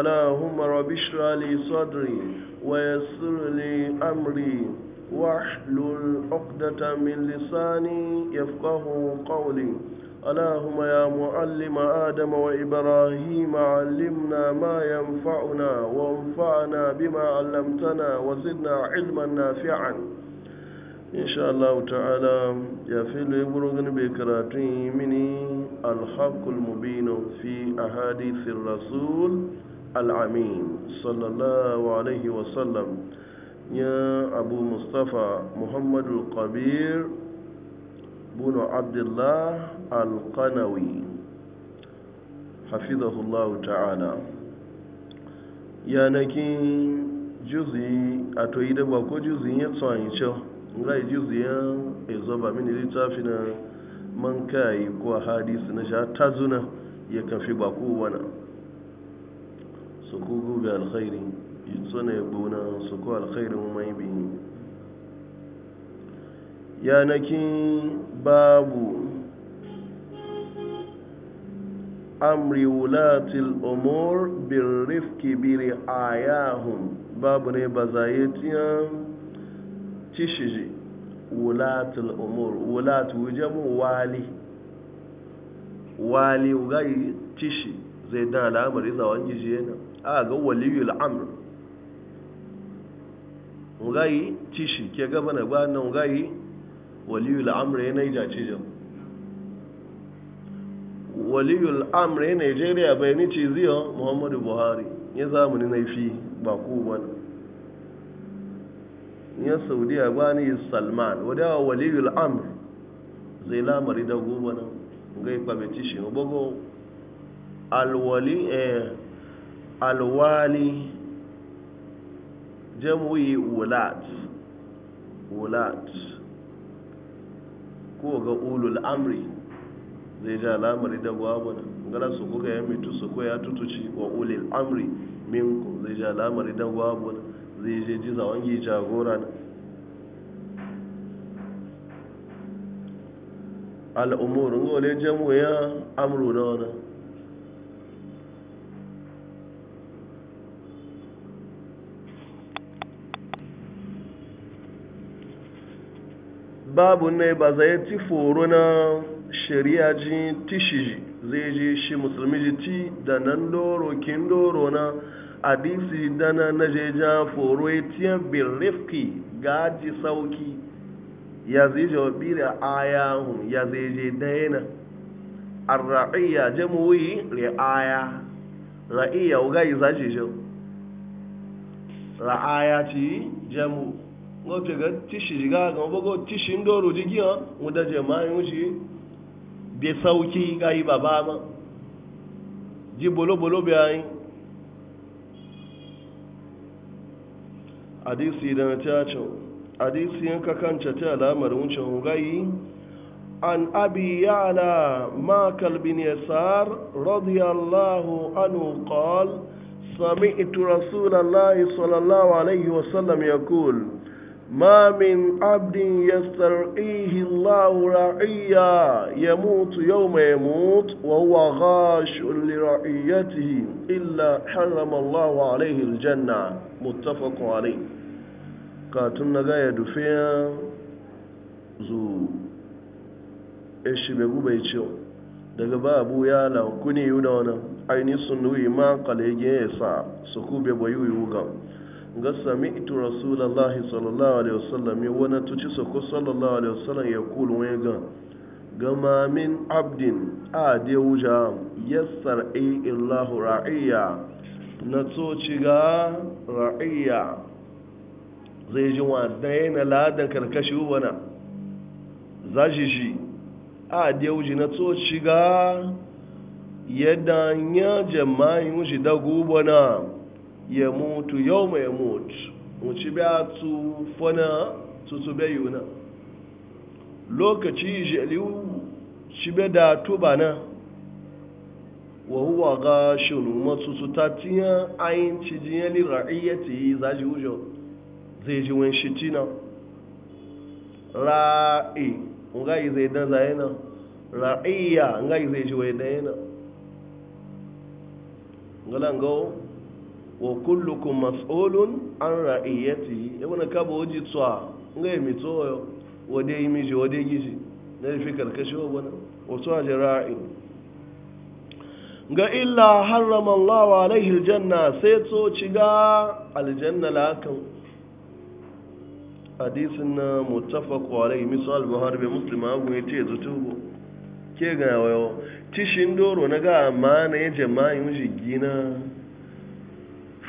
اللهم رب اشرح لي صدري ويسر لي امري واحلل عقدة من لساني يفقه قولي اللهم يا معلم آدم وإبراهيم علمنا ما ينفعنا وانفعنا بما علمتنا وزدنا علما نافعا إن شاء الله تعالى يا فيلو يبرغن بكراتي مني الحق المبين في أحاديث الرسول al'amin sallallahu alaihi wasallam ya abu mustafa muhammadu kabir bunu abdullah alkanawi hafizahullahu ta'ala yanakin juzi a to yi daba ko juzi ya tsohon cewa rai juzi ya izoba mini littafi na man kayi ko hadisi na sha tazuna ya kafi bako wana. su ku alkhairi suna ya buna su ku alkhairin mai biyu yanakin babu amri wulatil umur bin rifki biri ayahun babu ne ba zayetiyan cishiji wulatil umur wuje wujabu wali wali yi tishi zai dan al'amari zawon gijiye a ga waliyul amr ngayi tishi ke gaba na ba nan ngayi waliyul amr ya naija cijin waliyul amr ya nigeria bai ni ci ziyo muhammadu buhari ya zamani na fi ba ku wani ya saudiya ba ni salman wadawa waliyul amr zai lamari da gobe nan ngai kwabe tishi obogo alwali eh alwali jam'i wulat wulat ko ga ulul amri zai ja al'amari da babu gana su kuka ya mitu su ko ya tutuci wa ulul amri minku zai ja al'amari da babu zai je ji zawon yi jagora al'umur ngole jam'u ya amru na wani babu ne ba zai ti foro na shari'a ji tishiji zai ji shi musulmi ji ti da nan doro kin doro na hadisi dana na jeja foro etiyan birrifki gaji sauki ya zai je bira aya hun ya zai je daina arra'iya jamuyi ri'aya ra'iya uga izaji jo ra'aya ci jamu ngote ga tishi jiga ga bogo tishi ndoro jigiya muda je ma yuji sauki ma ji bolo bolo ayi kanta ta alamar wucin gayi an abi يعلى ماكل بن يسار رضي radiyallahu anu قال sami رسول الله صلى alaihi عليه وسلم ما من عبد يسترقيه الله رعيا يموت يوم يموت وهو غاش لرعيته إلا حرم الله عليه الجنة متفق عليه قاتلنا غاية دفيا زو إيش بيقو بيتشو daga ba abu ya lankuni yi da wani ainihin sunuyi ma kalege ya sa su kube bayu yi wugan ga sami'tu Rasulallah sallallahu alaihi wasallam ya wani tuci sako sallallahu alaihi wasallam ya kulu wani gan gama min abdin a de wuja yassar illahu na toci ga ra'iya zai ji wa daya na ladan karkashi wana za shi shi a de wuji na toci ga yadda ya jama'in wuji da gubana ya mutu yau mai mutu wuce biya tufana tutube yuna lokaci jeliyu shibe da tuba na wa huwa ga shinu matutu ta tiya ayin cijiyar ra'iyyati za ji wujo zai ji wani shi na ra'i nga yi zai dan zai na nga yi zai ji wani dan yana ngalangawo wa kullukum mas'ulun an ra'iyati ibn kaba waji tsawa ngai mi tsoyo wade yi miji wade gishi na fi karkashi wa wani wato a jira'in ga illa harrama Allah wa alaihi aljanna sai to ciga aljanna lakan hadisin na muttafaq alaihi misal buhari bai muslima abu ya ce zutubu ke ga wayo tishin doro na ga na ya jama'a yin gina.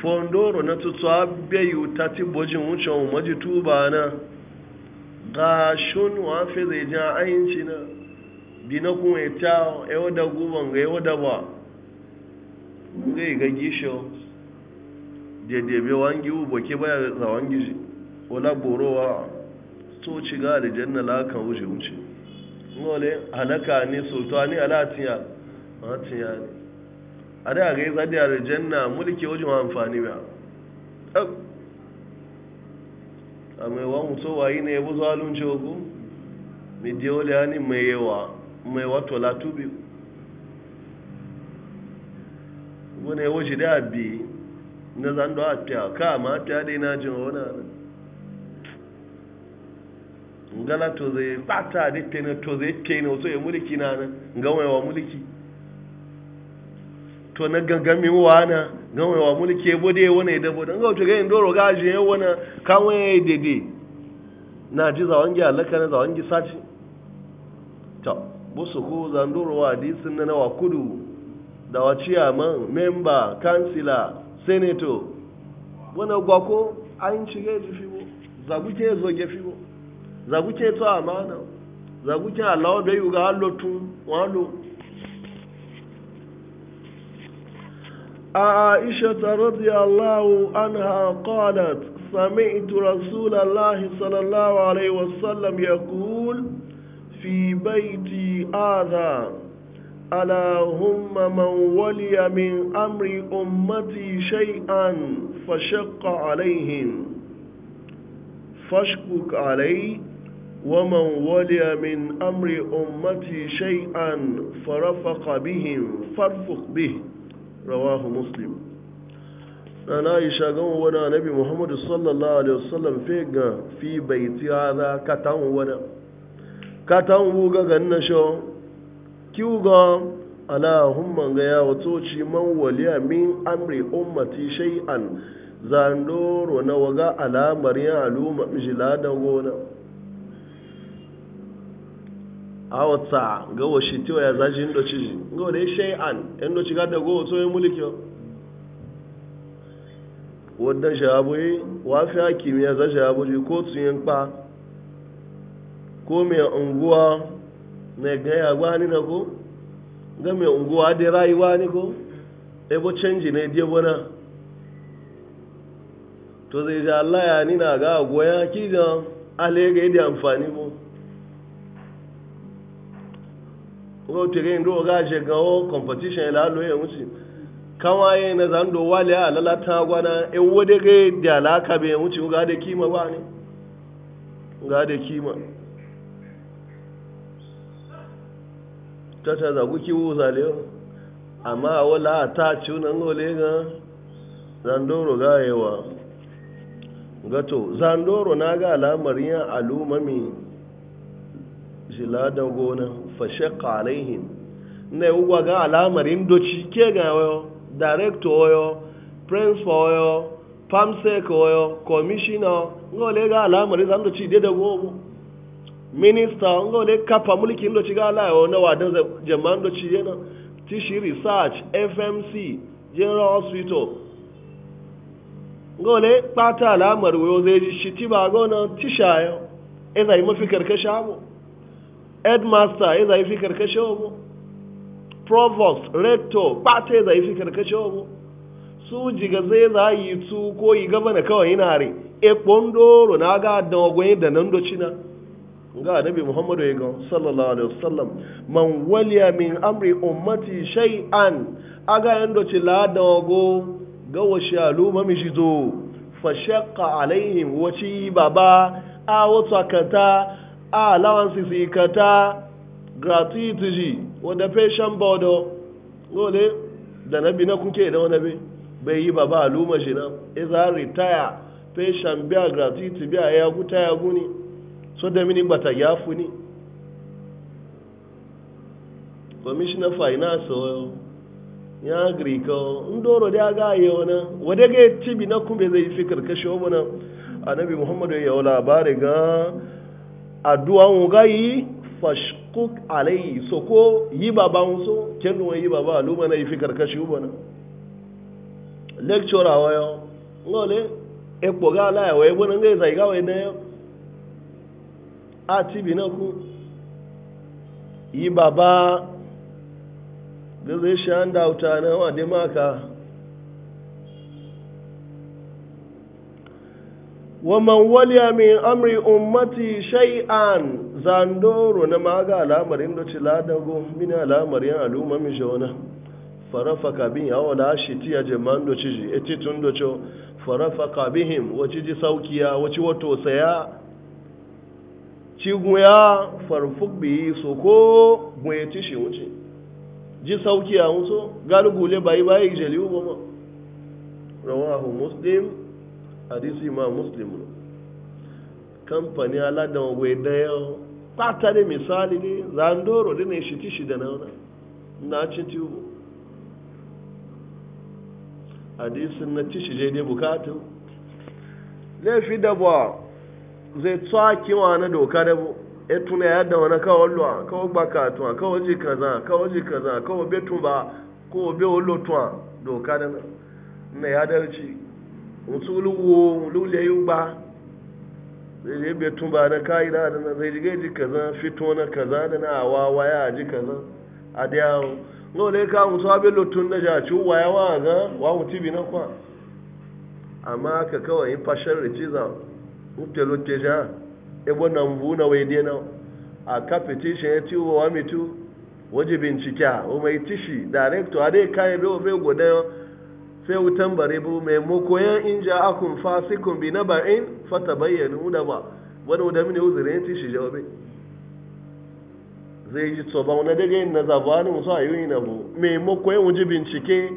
fondoro na tutu abeyu ta ti bojin wucin maji tuba na ga shun wa zai ji ayinci na bina kuma ya ta yawa da guban ga yau da ba zai ga gisho dedebe wangi ubo ke baya za wangi ji wala borowa so ci ga da janna la kan wuce wuce ngole halaka ne sultani ala ma tiya ne a da ga yi zadi a rijanna mulki wajen amfani ba a mai wa mutu wa ne ya bu zalunci ogu mai diyoli hani mai yawa mai wato latubi wani waje da bi na zan a fiya ka ma afiya dai na jin wani nan ngala to zai bata da ke na to zai ke na wato ya mulki na nan ga wa mulki to na gangami wana gawai wa mulki bude wani da bude ga wato ga indoro gaji ne ya kawai dede na ji zawon gi alaka na zawon gi saci to busu ko zandoro wa sun na wa kudu da wa chairman member councilor senator wani gwako an ci ga ji fibo zaguke zo ge fibo zaguke to amana zaguke alawo da yuga halotun walo عائشة رضي الله عنها قالت سمعت رسول الله صلى الله عليه وسلم يقول في بيتي هذا اللهم من ولي من أمر أمتي شيئا فشق عليهم فاشكك عليه ومن ولي من أمر أمتي شيئا فرفق بهم فارفق به rawahu muslim na aisha wani annabi muhammadu sallallahu alaihi wasallam fe ga fi baiti hada katan wani katan wuga gan na sho kiwu ga allahumma ga ya wato ci man min amri ummati shay'an zandoro na waga alamar ya aluma gona awa ga washi tiwa ya zaji indo ciji ga wani an indo ci ga da go so yin mulki wadda shabu yi wafi hakimi ya zaji shabu ji ko tsuyin kpa ko mai unguwa na gaya gwani na ko ga mai unguwa da rayuwa ni ko ebo canji ne dia bana to zai ji Allah ya nina ga goya kidan ale ga yi amfani mu ko tere ndo ga je ga o competition la e wuci kawa ye na zan do wale a lalata e alaka be ga da kima ba ne ga da kima tata amma wala ta ci nan ga ga yewa gato zandoro na ga alamarin alumami jiladan gona fashakka alaihim na ugwa ga alamarin doci ke ga oyo director oyo principal oyo pamsec oyo commissioner nga ole ga mara zan doci dede gobo minista nga ole kapa mulkin ndochi ga alayo na wadan jama ndochi yana tishi research fmc general hospital gole kpata alamar mara zai ji shi ti ba gona tishayo mafi karkasha headmaster ya zai fi karkashe mu provost rector kpata ya zai fi karkashe mu su jiga zai za yi tu ko yi gaba e na kawai yana hare ekpon doro na aga da ogwai da nan docina ga nabi muhammadu ya ga sallallahu alaihi wasallam man waliya min amri ummati shay'an aga yan doci la da ogo ga washi aluma mi shi zo fa shaqqa alaihim waci baba a wata kata a allowance si kata gratuity ji wanda fashion bodo dole da na nabi na kuke da wani bai bai yi ba ba aluma shi nan iza e retire fashion biya gratuity biya ya guta ya guni so da mini bata ya funi commissioner finance oyo ya grika ndoro da ga yi wani wadda ga tibi na kuma zai fi karkashin wani annabi muhammadu ya yi labari ga addu'a mu gayi fashkuk alayhi so soko yi baba mu so kenu yi baba luma na ifi karkashi ubana lecture awayo ngole epo ga la ya webo na ngeza igawe ne na ku yi baba gaze shanda utana wa demaka waman waliya min amri ummati shay'an zandoro na maga al'amarin da ci ladago min al'amarin al'umma mi jona farafaka bin yawo la shi tiya jaman ji eti tun do cho farafaka bihim waci ji saukiya waci wato saya ci guya farfuk bi so shi wuce ji saukiya wuso galugule bayi bayi jeli hadisi ma muslim kamfani aladan wai daya kwata da misali ne zandoro da ne shi tishi da nauna na ci tubu hadisin na tishi je dai bukatu laifi da ba zai tsaki wa na doka da bu e tuna ya da wani kawo luwa kawo gbakatuwa kawo ji kaza kawo ji kaza kawo betun ba kawo be olotuwa doka da na ya dalci mutu luwo lule yuba zai je bai tumba na ka'ida da na, zai ji ji kaza fito na kaza na awa waya a ji kaza a da yawo no le ka mutu abin lutun na jaci waya wa ga wa mutu na kwa amma ka kawai yi wọn rici za mutu lutte ja ebo na mbu na wai dena a ka petition ya ci wa mitu waje bincike o mai tishi director a dai kayi sai wutan bare bu mai in ja akun fasikun bi na ba'in fata bayyana uda ba wani uda mini uzuri ne tishi jawabe zai ji tsoba wani daga yin na zabani musu a yi na bu mai moko bincike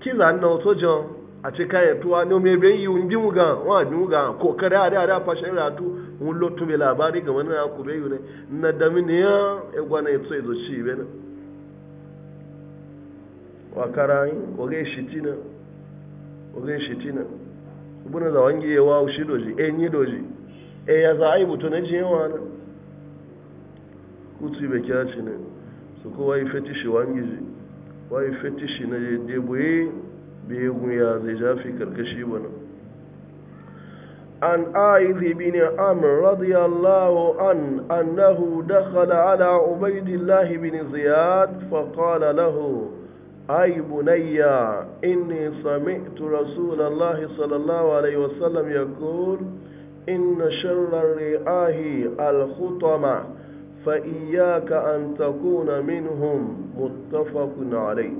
kiza na wato jan a ce kayan tuwa ne mai yi mu ga wa bi mu ga kokari a da ratu lotu mai labari wakarayi oge shitina oge shitina buna za wangi ya wawo shi doji e nyi doji e ya za a yi mutu na wani kutu ibe kya ci ne su ko wayi fetishi wangi ji wayi fetishi na je deboye bai gun ya zai jafi karkashi bana An عائذ بن amr radiyallahu an عنه dakhala ala ubaidillahi عبيد ziyad بن زياد أي بني إني سمعت رسول الله صلى الله عليه وسلم يقول إن شر الرئاه الخطمة فإياك أن تكون منهم متفق عليه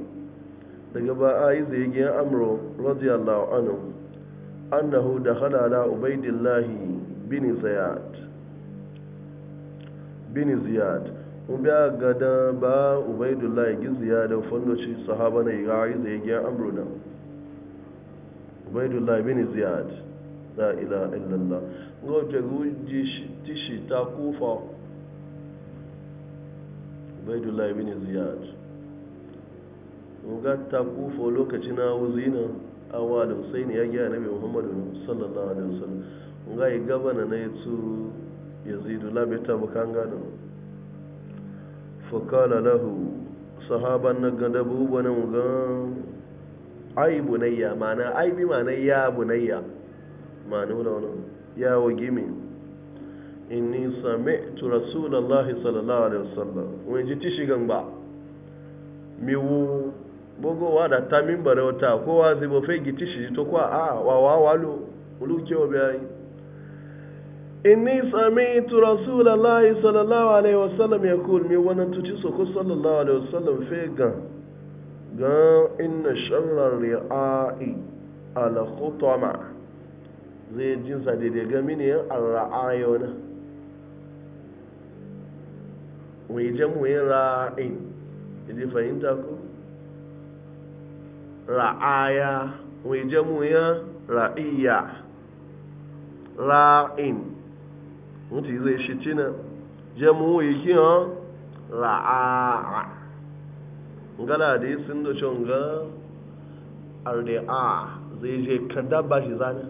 لقد آيز يجي أمر رضي الله عنه أنه دخل على عبيد الله بن زياد بن زياد biya ga da ba ubaidullahi gizi ya da fondoci sahaba na iga yi zai gyan amruna ubaidullahi bin ziyad la ila illallah ga wata tishi ta kufa ubaidullahi bin ziyad ga ta kufa lokaci na wuzina awa da husaini ya na nabi muhammadu sallallahu alaihi wasallam ga yi gabana na ya tsuru yazidu labita bukanga da fakala lahu sahaban na gada bubanin gan ai bunayya Ma'ana ai bi mana ya bunayya manu da wani ya wage min inni sami'tu rasulullahi sallallahu alaihi wasallam wani ji tishigan ba mi wu bogowa da ta min bare wata kowa zai bo fegi tishi to kwa a wa wa walo ulu kewa bayani inni sami'tu rasulallahi sallallahu alaihi wasallam yaqul mi wannan tuci so ko sallallahu alaihi wasallam fe ga ga inna sharra ri'a'i ala khutama zai jinsa daidai ga mini yan arra'ayo na wai jamu yin ra'in idi fahimta ko ra'aya wai jamu yan ra'iya ra'in mutu zai shi tina jamu yi kiyan ra'a ngala da yi sun da can ga arda'a zai je kan dabba shi zana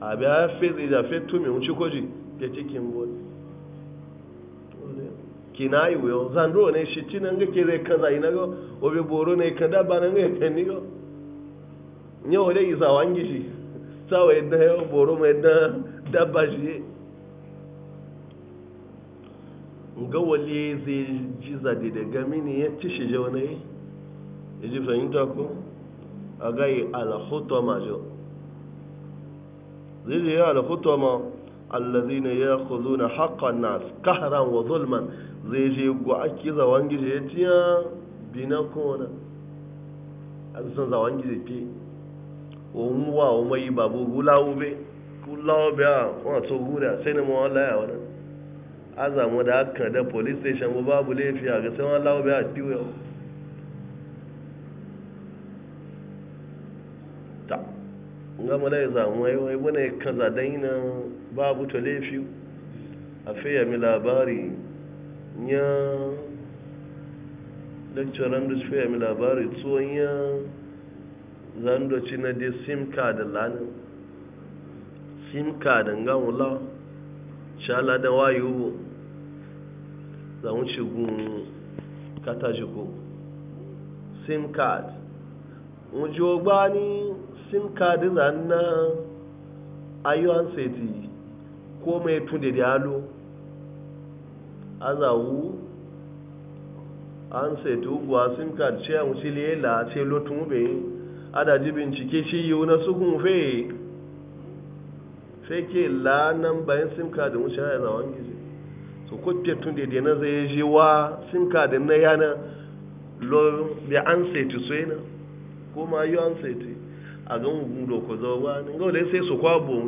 a biya fe zai jafe tumi wuce kwaji ke cikin bodi kina yi wuyo zandro ne shi tina ga ke zai kaza yi na ga obi boro ne kan dabba na ga ya ni go? ne wale yi zawangi shi sawa yadda ya boro mai dabba shi gawali zai ji zade daga mini ya ci shi jau na yi ya ji fahimta ko a gai alhutu ma jo zai ji ya alhutu ma ne ya kuzo na hakan na kaharan wa zulman zai ji gu ake zawon gizo ya tiya bina kona a san zawon gizo ke ohun wa o yi babu hula ube hula ube ah, a wato gura sai na mawala ya wadanda azamu da aka da police station bu babu laifi a ga sai wani lawa bai a tiwo ta ga mala ya zamu ai wai bane kaza na babu to laifi a fiya mi labari nya lecturer da fiya mi labari tsohon ya zandoci na da sim card lanin sim card nga wula shala da wayo zawon shigun katajiko sim card wujo gbani sim card na ayyuan seti ko mai tunde da yalo azawu an seti ugwa sim card ce a wuce lela ce lotun ube adaji bincike shi yiwu na su fe fake la nan bayan sim card wuce ya zawon gizi so ko petun na zai je wa sinka ka na yana lo bi an sai so yana ko ma yi an sai tu a ga mu do ko zo ne ga le sai so kwa bo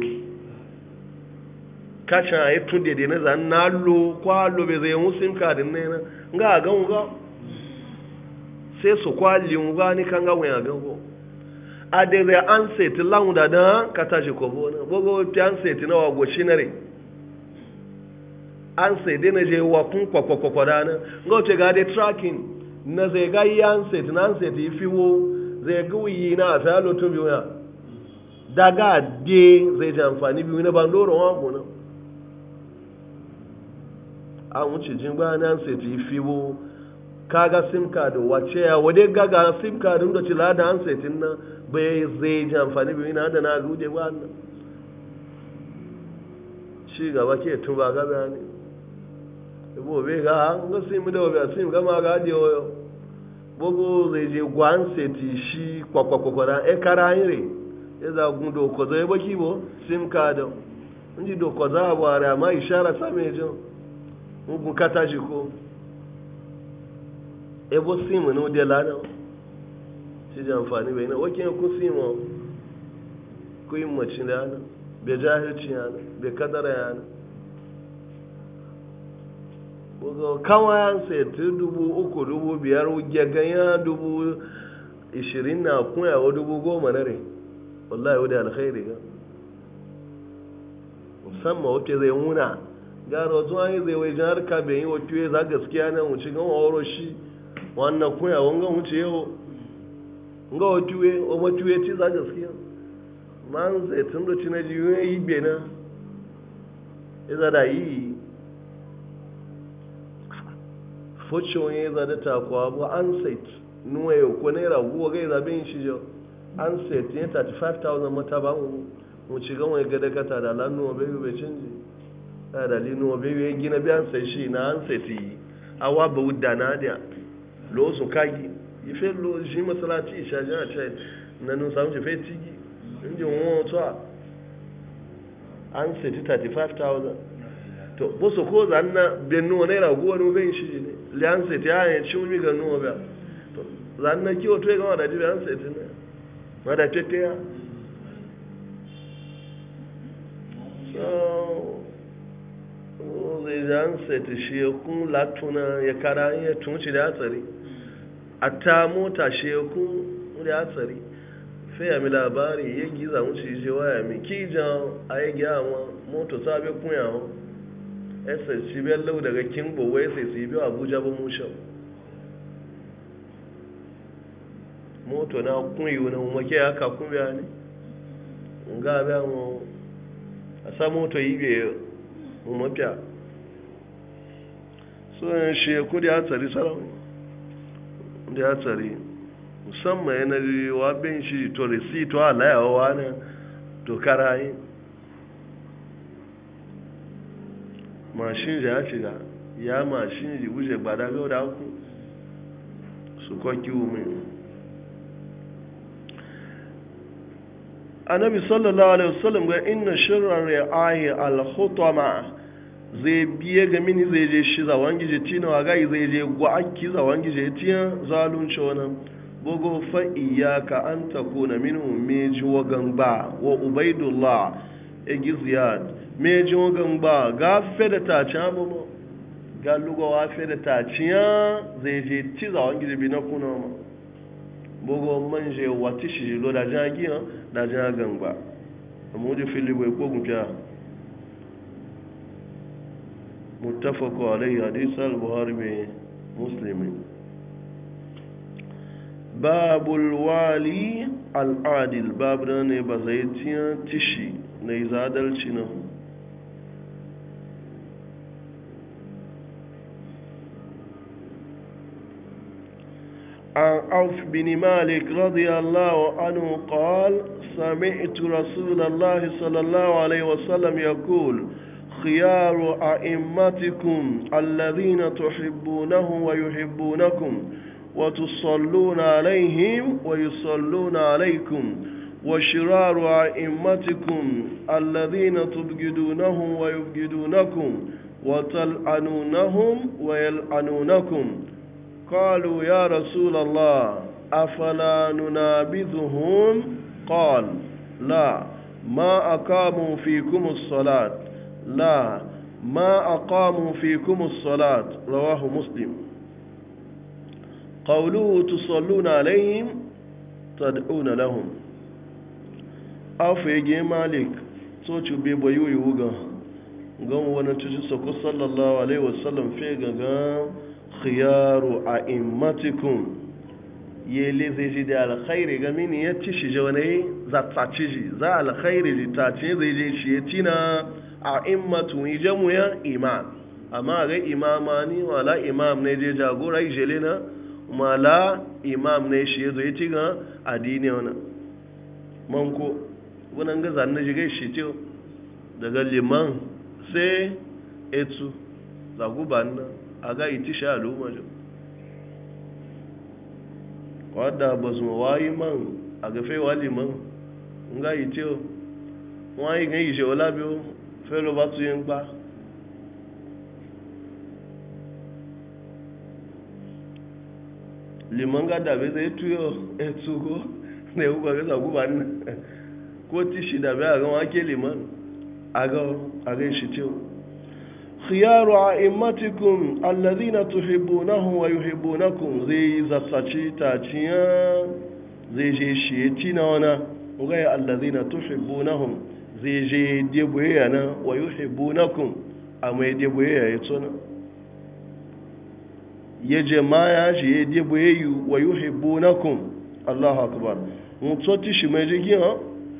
ka cha e tun de na zan na lo kwa lo be zai mu sin ka de na ga ga mu ga sai so kwa li mu ga kan ga wa ga go a de zai an sai tu lawun ka ta je ko bo na bo go ti an na wa go an dị dai na je wa kun kwakwakwakwa dana ga wace ga dai trakin na zai ga yi an sai na an sai ta yi zai ga wuyi na a ta lotun biyu na daga de zai ji amfani biyu na bandoro wa gona an wuce jin ba na an sai ta yi fiwo kaga sim kaadị wace ya wade gaga sim card da ci lada an sai tin nan bai zai ji amfani biyu na da na gude ba nan ci gaba ke tuba gaba bo be ga nga sim da ba sim ga ma ga di oyo bogo zai je gwan seti shi kwakwakwakwa e kara ire ya za gun do ko zai baki bo sim ka da nji do ko za ba ra ma ishara sa me jo ngun kata shi ko e bo sim no de la na shi da amfani bai na wakin ku sim ko yin macin da na be jahilci yana be kadara yana buga kawai sai ta dubu uku dubu biyar gyagan ya dubu ishirin na kunya wa dubu goma na rai wallahi wadda alkhairi ga musamman wacce zai muna gara wasu wani zai wajen jan harka bai yi wacce ya za gaskiya nan wuce gan wawaro shi wannan kunya wanga wuce yau nga wacce wa wacce ci za gaskiya man zai tun da ci na jiyoyi bena ya zada yi focin ya zada takwa bu anset nuwa yau ko naira guwa gai zabe yin shijo an set 35,000 mata ba mu mu ci gan ya gada kata da lan nuwa bebe bai canji da nuwa ya gina biyan sai shi na anset yi awa ba wudda na da kagi yi lo shi masalaci isha jana ce na nun samu fe tigi inji wọn to ko zanna benuwa naira guwa nuwa bai yin liyansa ta yi cin mi ga nuwa ba zan na kiwo to ga wada dibe ansa ta na wada tete ya so zai zan shi ya kun latuna ya kara ya tunci da hatsari a ta mota shi ya kun da hatsari sai ya mi labari ya giza mu ci je waya mi kijan a ya gya ma moto sabe kun yawon ss ci bello daga kimbo wai sai su yi biyu abuja ba musha moto na kun yi wani umarke ya kakun biya ne nga biya mu a sa moto yi biya umarfiya so yin sheku da ya tsari sarari da ya tsari musamman yanar wa bin shi to resi a alayawa ne to karayin mashin ja ya shiga ya mashin ji wuce gbada gau da haku su kwaki umi annabi sallallahu alaihi wasallam ga inna shirrar ri'ahi al-khutama zai biye ga mini zai je shi zawon gije tina wa gai zai je gwa'anki zawon gije tina zalunci wani bugu fa'iya ka an tako na minu meji wa ba wa ubaidullah egiziyad me jin gamba ga da ta ci abubu ga lugawa fede ta ci ya zai je ci zawon gidibi na kuna ma bugu man je wati shi lo da jan giya da jan gangba amma wajen fili bai ko guja muttafaqu alayhi hadisa al-bukhari mai musulmi. babul wali al babu ne ba zai tiyan tishi na izadalci nan عوف بن مالك رضي الله عنه قال سمعت رسول الله صلى الله عليه وسلم يقول خيار أئمتكم الذين تحبونه ويحبونكم وتصلون عليهم ويصلون عليكم وشرار أئمتكم الذين تبجدونهم ويبجدونكم وتلعنونهم ويلعنونكم قالوا يا رسول الله أفلا ننابذهم قال لا ما أقاموا فيكم الصلاة لا ما أقاموا فيكم الصلاة رواه مسلم قوله تصلون عليهم تدعون لهم أفيجي مالك توتو بيبويو يوغا غن وانا تجي سكو صلى الله عليه وسلم فيغا غن khiyaru a immatikun ya zai ji da alkhairi ga mini ya ci shi je wani za ta ci ji za alkhairi ji ta ce zai je shi ya ci na a immatu yi jamu ya imam amma ga imama ni wala imam ne je jagora yi jele na mala imam ne shi ya zo ya ci ga adini wani manko wani ga zanen shi gai shi ce daga liman sai etu zaguban nan a ga iti sha luma jo wadda ba su wayi man a ga fe wali man nga iti o wọn yi gan ìṣe olábí o fẹ́ ló bá tún yẹn gbá liman ga dabe zai tuyo etugo da ya kuka gasa guba nan ko ti shi dabe a gan wake liman a gan shi tewu khiyaru a'immatikum alladhina tuhibbunahum wa yuhibbunakum zai zattaci taciya zai je shi tina wana ugai alladhina tuhibbunahum zai je deboye yana wa yuhibbunakum amma ya deboye ya tsona ya je ma ya shi ya deboye yu wa yuhibbunakum Allahu akbar mun tsoti shi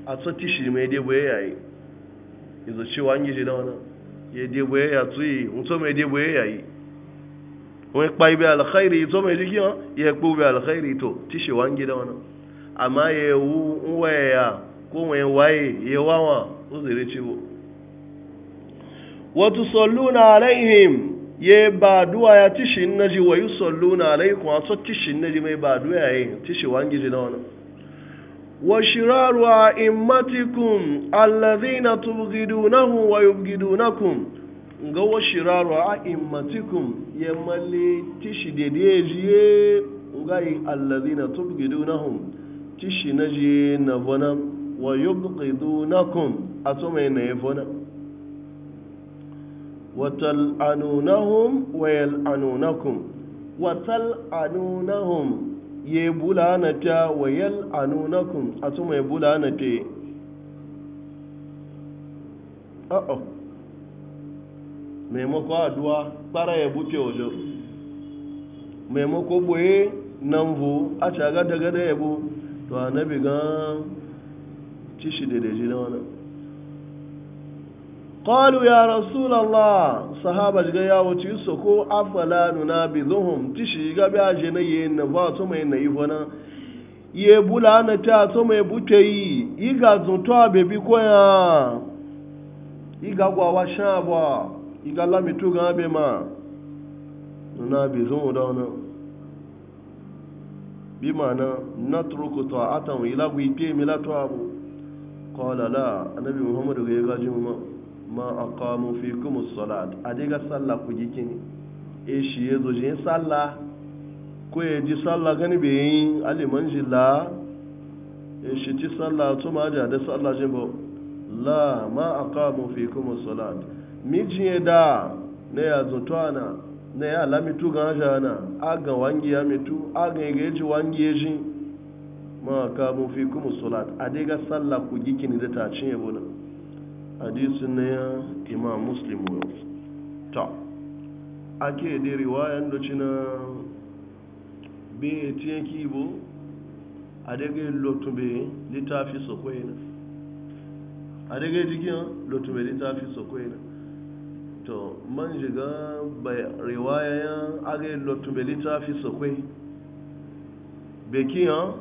a tsoti shi mai deboye yayi yede boye ya tui nto me de boye ya yi won pa ibe al khairi to me ji yan ye po ibe al khairi to ti se wan gida wona ama ye wu nwe ya ko wen waye ye wa wa o zere chi bo wa tusalluna alaihim ye ba duwa ya ti shin naji wa yusalluna alaikum ato ti shin naji mai ba duwa ya yi ti se wan gida wona وشرار أئمتكم الذين تبغدونه ويبغدونكم غو شرار أئمتكم يملي تشديديجي غاي الذين تبغدونهم تشي نجي نفنا ويبغدونكم أتمين نفنا وتلعنونهم ويلعنونكم وتلعنونهم ye bula na ta wa yal anunakum a tu mai bula na fiye uh-oh maimako aduwa kpara ya bufe wajo maimako boye nan bu a caga daga ya bu to nabi gan ci shi daidai na wani qalu ya rasulallah sahaba jiga ya wuce soko ko afala nuna bi zuhum ti shiga bi aje na ye na ba to mai na ifona ye bula na ta to mai bute yi iga zun to abe bi koya ya iga gwa wa sha bo iga la mi tu ga be ma nuna bi zun da na bi ma na natruku ta'atan ila gwi pe mi la to abu qala la annabi muhammadu ga ya gaji mu ma aqamu fikum as-salat adiga sallah ku gikin e shi yezo je sallah ko e ji sallah gani be yin aliman jilla e shi ti sallah to ma ja da sallah je bo la ma aqamu fikum as-salat miji da ne ya ana ne ya lamitu ga ana aga wangi ya mitu aga ji wangi ji ma aqamu fikum as-salat adiga sallah ku gikin da ta cin yabo na hadisin na ya imam muslim yau ta ake da riwayan da cina bai tiye kibo a daga lotube littafi sokoina a daga jikin lotube littafi sokoina to man shiga riwaya ya aga lotube littafi sokoina bekiyan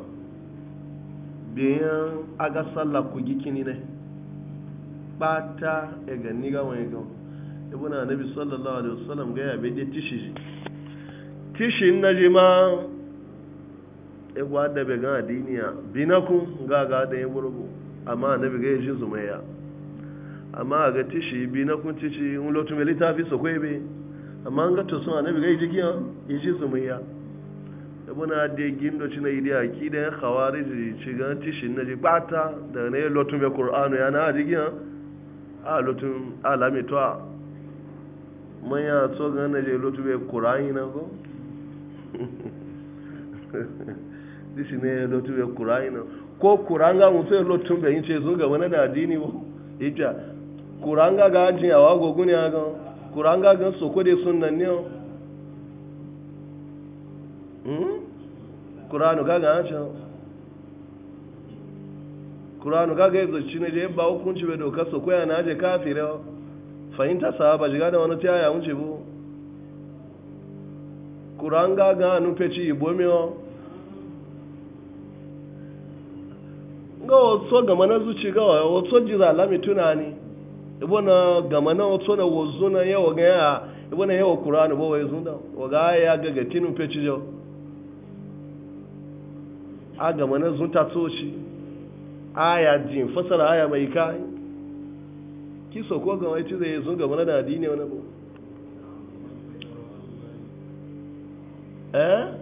biyan aga sallah kogi kini ne bata e ganni ga wani gan na nabi sallallahu alaihi wasallam ga ya je tishi tishi na je ma e gwa da be ga adiniya binaku ga ga da yin gurgu amma nabi ga yin zumaya amma ga tishi binaku tishi un lotu me litafi so kwebe amma an ga to sun annabi ga yi jikin jin zumaya na da gindo ci na idiya ki da ya khawari ci gan tishin na ji bata da ne lotu be qur'anu ya na adigiya a lotun alamito a manya so gane je lotu be kurayi na ko disi ne be kurayi na ko kuranga mutu ya lotun be yin ce zo ga wani da adini ija kuranga ga awa kuranga soko de ne o kuranu hmm? ga ga kuranu kaga yanzu shi ne je ba hukunci bai doka su koya na je kafire. fahimta sahaba shiga da wani tiyaya ce bu kuran gaga nufe ci ibomiyo ga wato ga na zuci ga wato jira lami tunani ibona ga na wato na wazo na yawa ga ya ibona yawa kuranu ba wai zunda waga ya ga ga tinu peci jo a gama ta zunta tsoci aya jin fasara aya mai kai ki so ko gama ci zai zo gaba na addini wani abu eh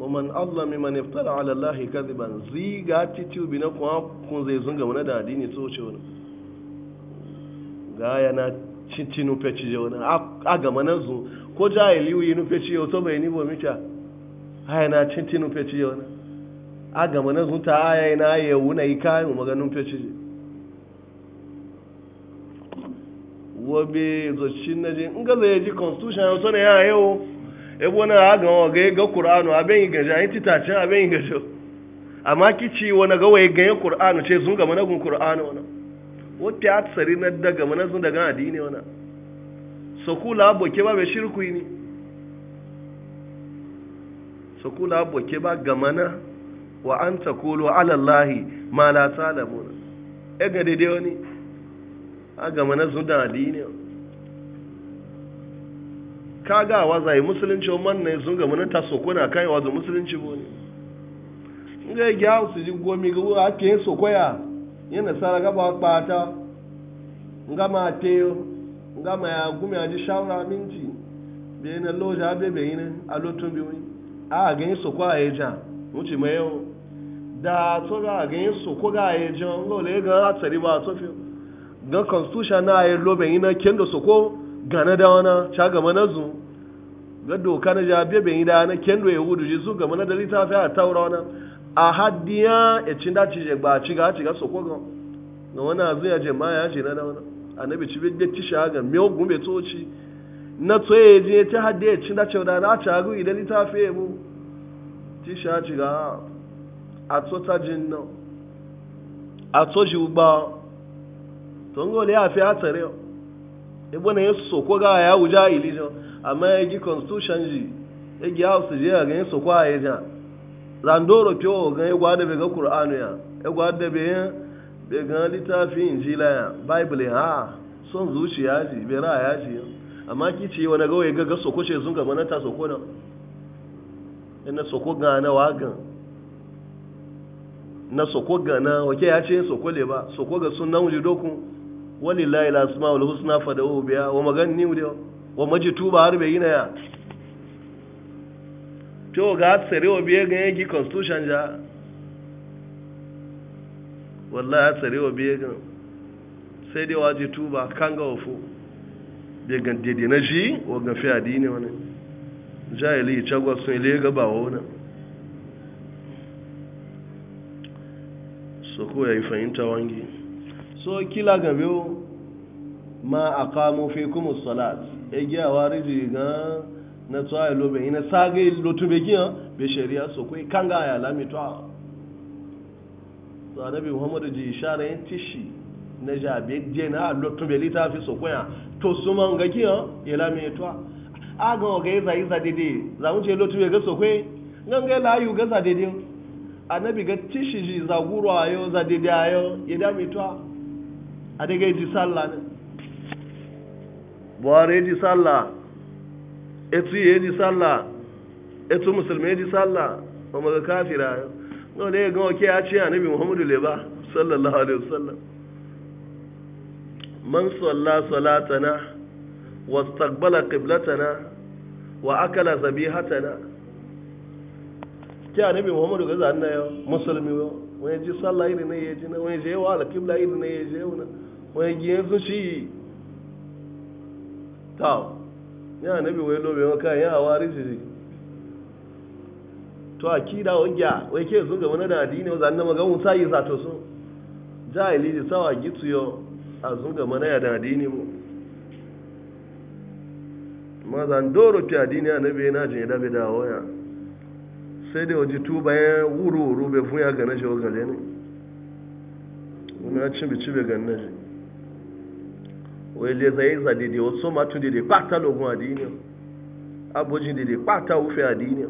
ومن أظلم ممن افترى على الله كذبا زي غاتي تيو بنا كون كون زي زنغا ونا دا ديني تو تشونا غايا نا تشينو بيتشي جونا اغا منزو كو جاهلي وينو بيتشي يوتو بيني بوميتا haya na cinti numfeci yau a gama na zuta haya na ya wuna yi kayan umaga numfeci wabe zocin na je in gaza ya ji constitution yau sana ya yau ebo na a gama waga ya ga kur'anu abin yi gaja yin titacin abin yi gaja amma kici wani gawa ya ganyen kur'anu ce sun gama na gun kur'anu wani wata ya tsari na daga mana sun daga adini wani sokula abokin ba mai shirku ne su kula ke ba gamana wa an ta kolo alallahi ma la na e ga daidai wani a gamana su da adini ka ga waza yi musulunci man ne sun gamana ta sokona yi wazo musulunci bo ne ga ya su ji gomi ga ake sokoya yana nasara gaba kpata ngama teo ngama ya gumi ji shawara minti bi na loja bebe ina a lotun bi a ga so kwa ya jan wuce mai yau da to ga ga so ko ga ya jan ga le ga tsari ba to fi ga constitution na ya lobe na kendo so ko gana da wana cha ga manazu ga doka na ja bebe da ana kendo ewu hudu ji gama na mana da litafi a taura wana a hadiya e cinda ci je ba ci ga ci ga so ko ga ga wana zuya je ma ya ce na da wana annabi ci be ci shaga miyo gumbe toci na tsoye je ta hadde ya cinda cewa na ci agu idan ita fe mu ti sha ci ga a tso ta jin nan a tso ji ba to ngo le a fe a tare e bona ya e so ko ga ya wuja ilijo amma ya e gi constitution e ji ya gi house je ga yin so ko a ya randoro pyo ga ya gwada be ga qur'anu ya ya gwada be be ga littafin injila ya bible ha son zuciya ji be ya ji amma ki ce wani gawai ga soko ce sun gaba nata ta soko nan na soko ga na wagan na soko ga na wake ya ce soko le ba soko ga sunan wuje dokun walillahi la asmaul husna fadahu biya wa maganni wuje wa majitu ba har bai yana ya to ga tsare wa biye ga yaki constitution ja wallahi tsare wa biye ga sai dai wajitu tuba kanga ofo bai gan dede na ji wa ga fi adini wani jahili cagwa sun ile gaba wa wani so ko ya yi fahimta wangi so kila biyu ma a kamo fi kuma salat e giya a wari ga na tsawa lobe ina saga lotu be giya bai shari'a so kai kanga ya lami to a so muhammadu ji shara yin tishi na jabe je na lotun be litafi sokoya to suma nga kiyo yela me to agan ga iza iza dede za mu je lotun be ga sokwe ngan ga la yu ga za dede annabi ga tishiji za guru ayo za dede ayo yeda me to adega ji sallah ne buhari ji sallah etu ye ji sallah etu musulmi ji sallah ba mu ga kafira no ne ga ke a ce anabi muhammadu le ba sallallahu alaihi wasallam man salla salatana wastaqbala qiblatana wa akala zabihatana kya nabi muhammadu ga zanna yau musulmi yau wani ji sallah iri ne yaji wani je wa iri ne yaji wani giyan su shi ta ya wai lobe maka ya warisi to akida wangiya wai ke sun ga wani da addini zanna magan musayi zato so jahili da sawa gitsu yau a zuga mana ya da adini mu ma zan doro fi adini a nabi yana jin dabe da waya sai da waje tu bayan wuru wuru bai fun ya gane shi wakale ne wani ya cin bici bai gane shi wai le zai za dede wasu ma tun dede kwata logun adini abojin dede kwata wufe adini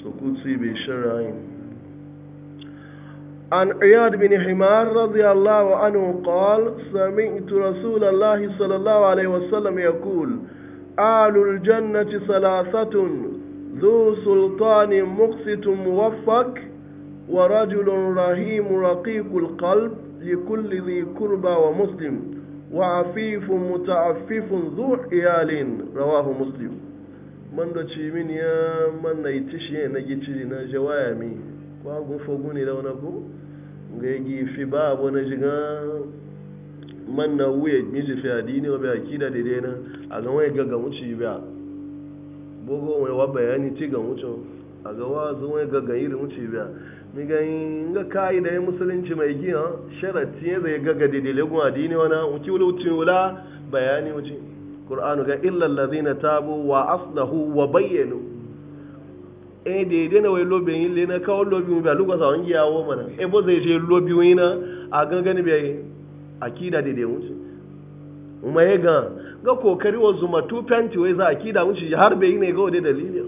su kutu bai shirin عن عياد بن حمار رضي الله عنه قال سمعت رسول الله صلى الله عليه وسلم يقول آل الجنة ثلاثة ذو سلطان مقسط موفق ورجل رحيم رقيق القلب لكل ذي كربى ومسلم وعفيف متعفف ذو حيال رواه مسلم من رجي من يا من نيتشي نجي na jawami ba fogun guni da wani ku ga yi fi ba abu na shiga man na wuya miji fi adini wa bai akida da dena a ga wani gaga wuce biya bogo wani wa bayani ti ga wuce a ga wa zo wani gaga irin wuce biya mi ga yi ga kayi da musulunci mai giya sharati ya zai gaga da dele gun adini wana wuce wula wuce wula bayani wuce qur'anu ga illa na tabu wa aslahu wa bayyanu E da ya na wai lobe yin lena kawo mu ba lukwa sa wangi yawo mana E bo zai je lobin yin na a gangani bai akida da da wuce kuma ya ga ga kokari wa zuma tu penti wai za akida wuce har bai yi ne ga wade dalilin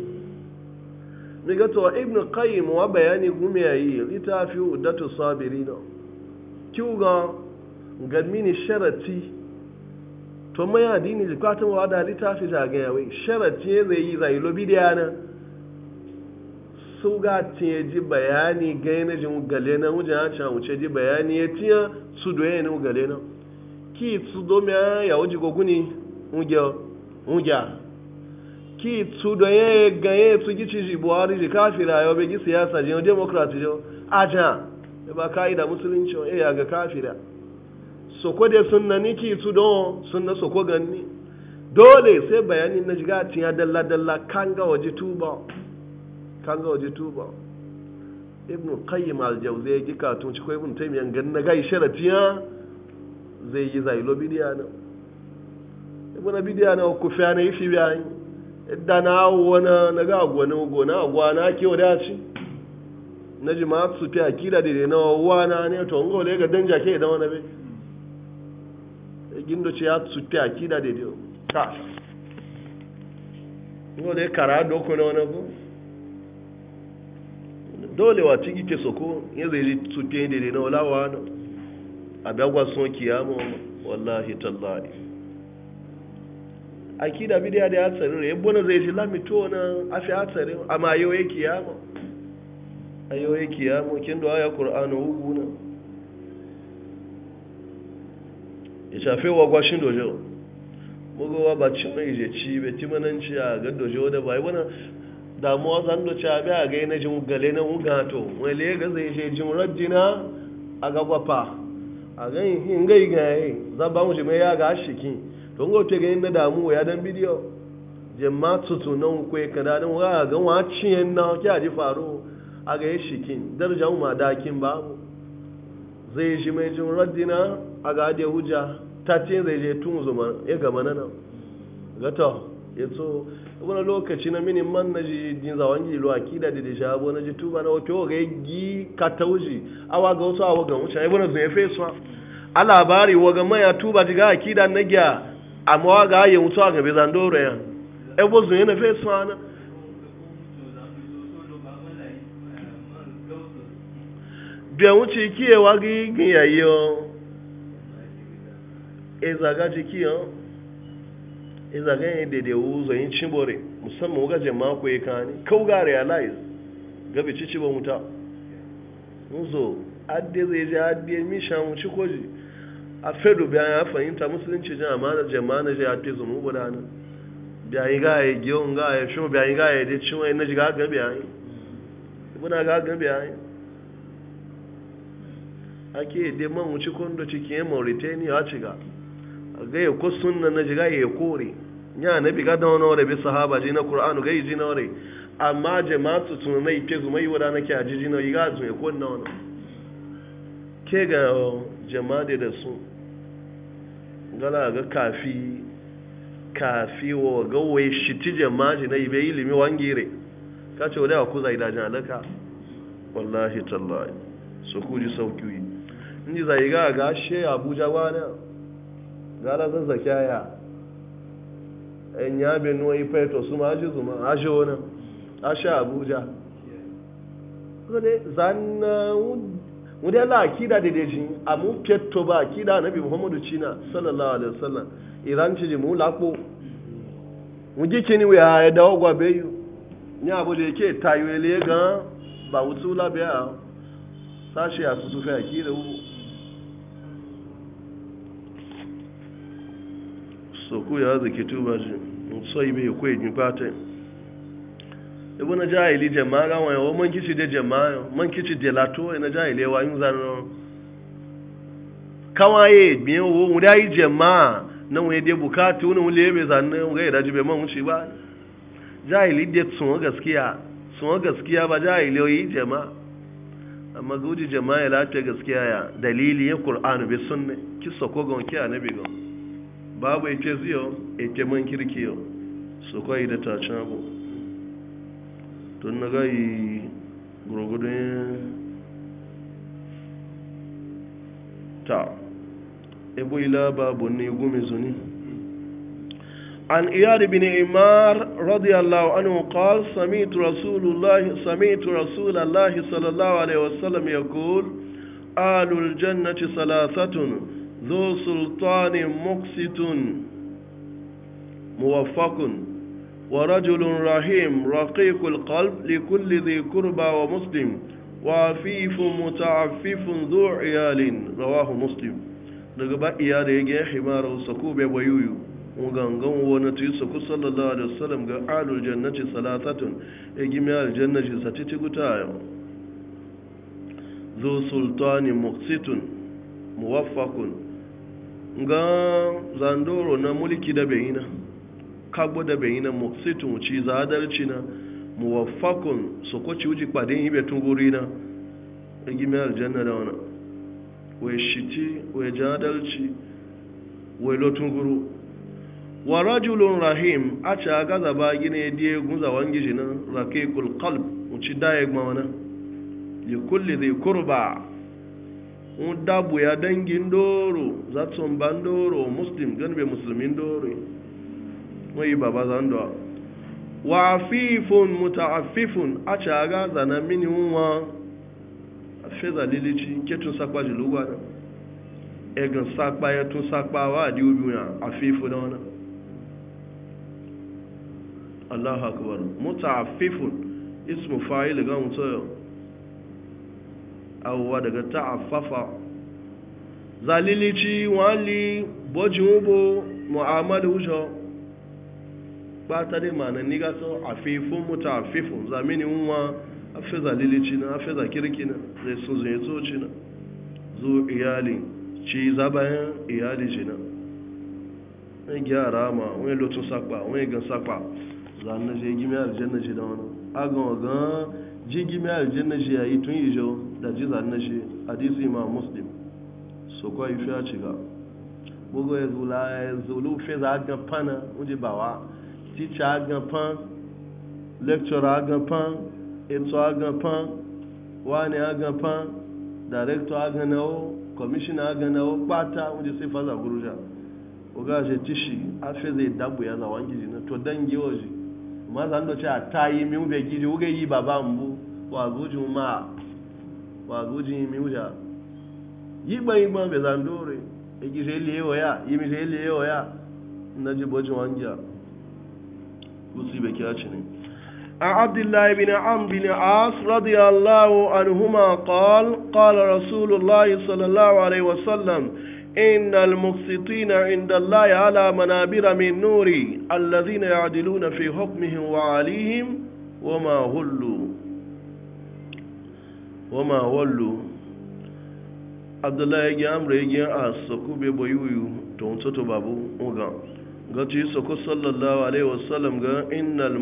ni ga to ibnu qayyim wa bayani gumi yayi litafi udatu sabirina kiu ga gadmini sharati to mai adini da kwatan wa da litafi ta ga yayi sharati zai yi zai lobi da yana suga ga ya ji bayani gai na jin gale na wujen a can wuce ji bayani ya tiya su doye ne gale na ki su mi ya wuji goguni ngya ki su doye ganye su gici ji buhari ji kafira ya bai gi siyasa ji demokrati ji a can ya ba ka'ida musulunci wa ya ga so soko da sunna ni ki su don sunna soko ganni dole sai bayanin na jiga tiya dalla dalla kan ga waje tuba kan ga waje tuba ibn qayyim al-jawzi ya gika tun ci ko ibn gani na gai sharatiya zai yi zai lobidiya na ibn bidiya na ku fiya na yifi bayan idda na wana na ga gona gona gwana ke wada ci na jima'a su fiya akida da na wana ne to le ga danja ke da wani bai gindo ce ya su fi akida da ngo le kara doko na wani bai dole wa ciki ke soko ya zai tuke ne na walawa na a dagwa son kiyama wallahi tallahi akida bidiya da hatsari ne yabbo na zai ji lamito na afi hatsari amma yau ya kiyama a yau ya kiyama kin da aya qur'anu huguna ya shafe wa gwashin dojo mugowa ba cin mai je ci be timananci a ga dojo da bai wannan damuwa zan da ci abi a gai na jin gale na wugato wale ga zai je jin rajina a ga gwafa a gai in gai gaye za ba mu ji mai ya ga shiki to ngo te ga inda damu ya dan bidiyo jemma tutu nan kwe kada dan wa ga wa ciyen na ki a ji faro a ga shikin darajar mu dakin ba mu zai ji mai jin rajina a ga da hujja ta zai je tun zuma ya yato wani lokaci na mini man na ji jin zawon ji lo akida da deja abu na ji tuba na wato ga gi katauji awa ga wasu awa ga wuce ai wani zai fesu a labari wa ga maya tuba ji ga akida na gya a mawa ga ya mutu a ga bezan doro ya ai bo zai na fesu ana da wuce kiyewa ga yi yayi e zaga ji iza ga da da wuzo yin cibore musamman wuga jama'a ku ya kani kau ga realize bi ci ba muta muzo adde zai je adde mi sha mu ci koji a fedu bayan ya fahimta musulunci jan amana jama'a na je adde zumu gudana bayan ga ya giyon ga ya shi bayan ga ya dai cinwa na jiga ga bayan ibuna ga ga bayan ake dai man wuce kondo cikin Mauritania a ciga ga ya ko sunna na jiga ya kore ya nabi ga da wani rabe sahaba ji na qur'anu ga ji na wani amma jama'atu tun mai ke zuma yi na ke ajiji na yi ga zuwa ko na wani ke ga jama'a da su gala ga kafi kafi wa ga wai shiti jama'a ji na ibe bai ilimi wangire ka ce wadai ku zai dajin alaka wallahi tallahi su kuji sauki yi ni zai ga ga she abuja wani gara zan zakiya ya in ya be nuwa ife to su ma aji zuma aji wani asha abuja kone zanna wani ala akida da dejin amu petto ba akida nabi muhammadu cina sallallahu alaihi wasallam iran ci mu lako mu ji kini we ya dawo gwa be yu ni abu da yake tayo ele gan ba wutu la be a sashi a su su fe akida ubu so ya ya zaki tuba ji so mai ku yi pata ibu na jahili jama'a ga wani wa man kici da jama'a man kici da lato na jahili wa yin zano kawaye biyan wo mu yi jama'a na wani dai bukatu ne wule be zanen ga da jibe man wuce ba jahili da tsun gaskiya tsun gaskiya ba jahili yi jama'a amma guji jama'a ya lafiya gaskiya ya dalili ya qur'anu bi sunne kisa ko gonki annabi gonki babu ike ziyo ike man kirki yau su kwa yi da ta cabo tun na gayi gurgudun ta ebo ila babu ne gumi zuni an iyari bin imar radiyallahu anu kawal samitu rasulallah sallallahu alaihi wasallam ya kuhul alul jannati salasatun ذو سلطان مقسط موفق ورجل رحيم رقيق القلب لكل ذي قربى ومسلم وعفيف متعفف ذو عيال رواه مسلم daga ba iya da ya ga himara wasu ko bai bayuyu gangan wani tuyi su ku sallallahu alaihi wasallam ga alul jannati salatatun ya gimi aljannati satiti guta yau zu sultani muqsitun muwaffaqun ga zandoro na mulki da bayina kagbo da bayina mu situ mu ci zadarci na mu so ko ci uji kwadin ibe guri na gimi aljanna da wana wai shiti wai jadalci wai guru wa rajulun rahim a ci a gaza ba gine diye gunza wangi jina rakikul qalb mu ci daye gma wana li kulli zai kurba dabu ya dangin doro zatson ban doro muslim ganbe musulmin doro wai baba zando wa afifun muta'affifun a caga zana mini wa a feza lilici ke tun sapa ji lugwa na egan sakpa ya tun sakpa wa di obi na afifu na wana Allahu akbar muta'affifun ismu fa'il ga mutsayo awwa daga ta'affafa zalilici wali boji ubo mu'amalu ba ta dai ma nan niga so afifun muta afifun zamini unwa afi zalilici na afi zakirki na zai so zai ci na zo iyali ci zabayan iyali na wani gyara ma wani lotun sakpa wani gan sakpa zanen je gimi aljanna ji da wani agan wagan jin gimi aljanna ji yi tun yi jo da ji zanne shi hadisi imam muslim so kwa yi fiya ci ga bugu ya zula ya zulu fi za a gafan wuje bawa teacher a gafan lecturer a gafan eto a gafan wani a gafan director a ganawo commissioner a ganawo pata wuje sai faza guruja oga je tishi a fi zai dabu ya zawon gidi na to dangi waje ma zan da ce a tayi mi bai gidi wuge yi baba mbu wa gujin ma kwazujin yi miuja yi gba yi gban beza ndore eki se ile yo ya yi mi se ya na ji boji wangiya kusi be kira cini an abdullahi bin an bin as radiyallahu anhuma qal qala rasulullahi sallallahu alaihi wasallam إن المقسطين عند الله على منابر من نور الذين يعدلون في حكمهم وعليهم وما هلوا wama wallo abdullahi ya amra a sako bai bayuyu ta wuce ta babu uga ga ci sako sallallahu alaihi wasallam ga innal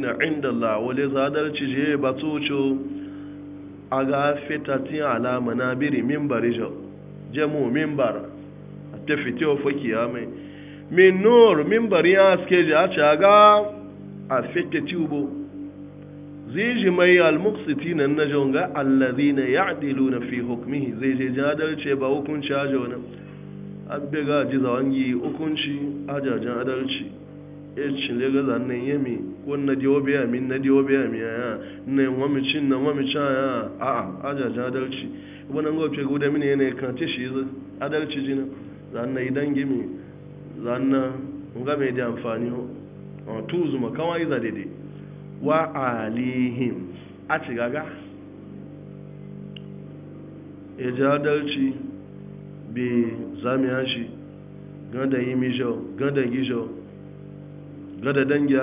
na inda Allah wale zadar ci ba tucho a ga fitati alama na biri mimbar jo jamu mimbar ta fiti wa fakiya mai min nur mimbar ya aske je a ci a ga a fitati ubo zai ji mai almuksiti na najon ga allazi na ya ɗilu na fi hukumihi zai je jadarce ba hukunci aja wani abbe ga ji zawangi hukunci ajajen adalci e cile ga zanen yami ko na diyo biya min na diyo biya mi ya na yin wamicin na wamicin ya a a ajajen adalci wani an gwabce guda mini yana kan ce shi adalci jina zanen idan gimi zanen nga mai da amfani ho a tuzuma kawai za daidai wa alihim a ci gaga ya e ji bi shi gada yi mijo gada gijo gada dangi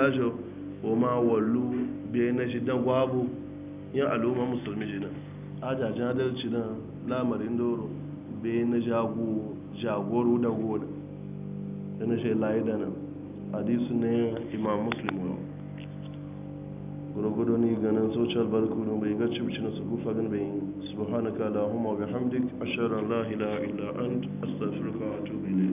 o ma wallu bi na shi dan gwabu yin al'umma musulmi jina ajajen adalci na lamarin doro bi na jagoro da gona na shi layi da nan hadisu ne imam muslim gurgudu ne ganin social barku don bai gaci bici na sabu fagin bai subhanaka allahumma wa bihamdik ashhadu an la illa ant astaghfiruka wa atubu ilayk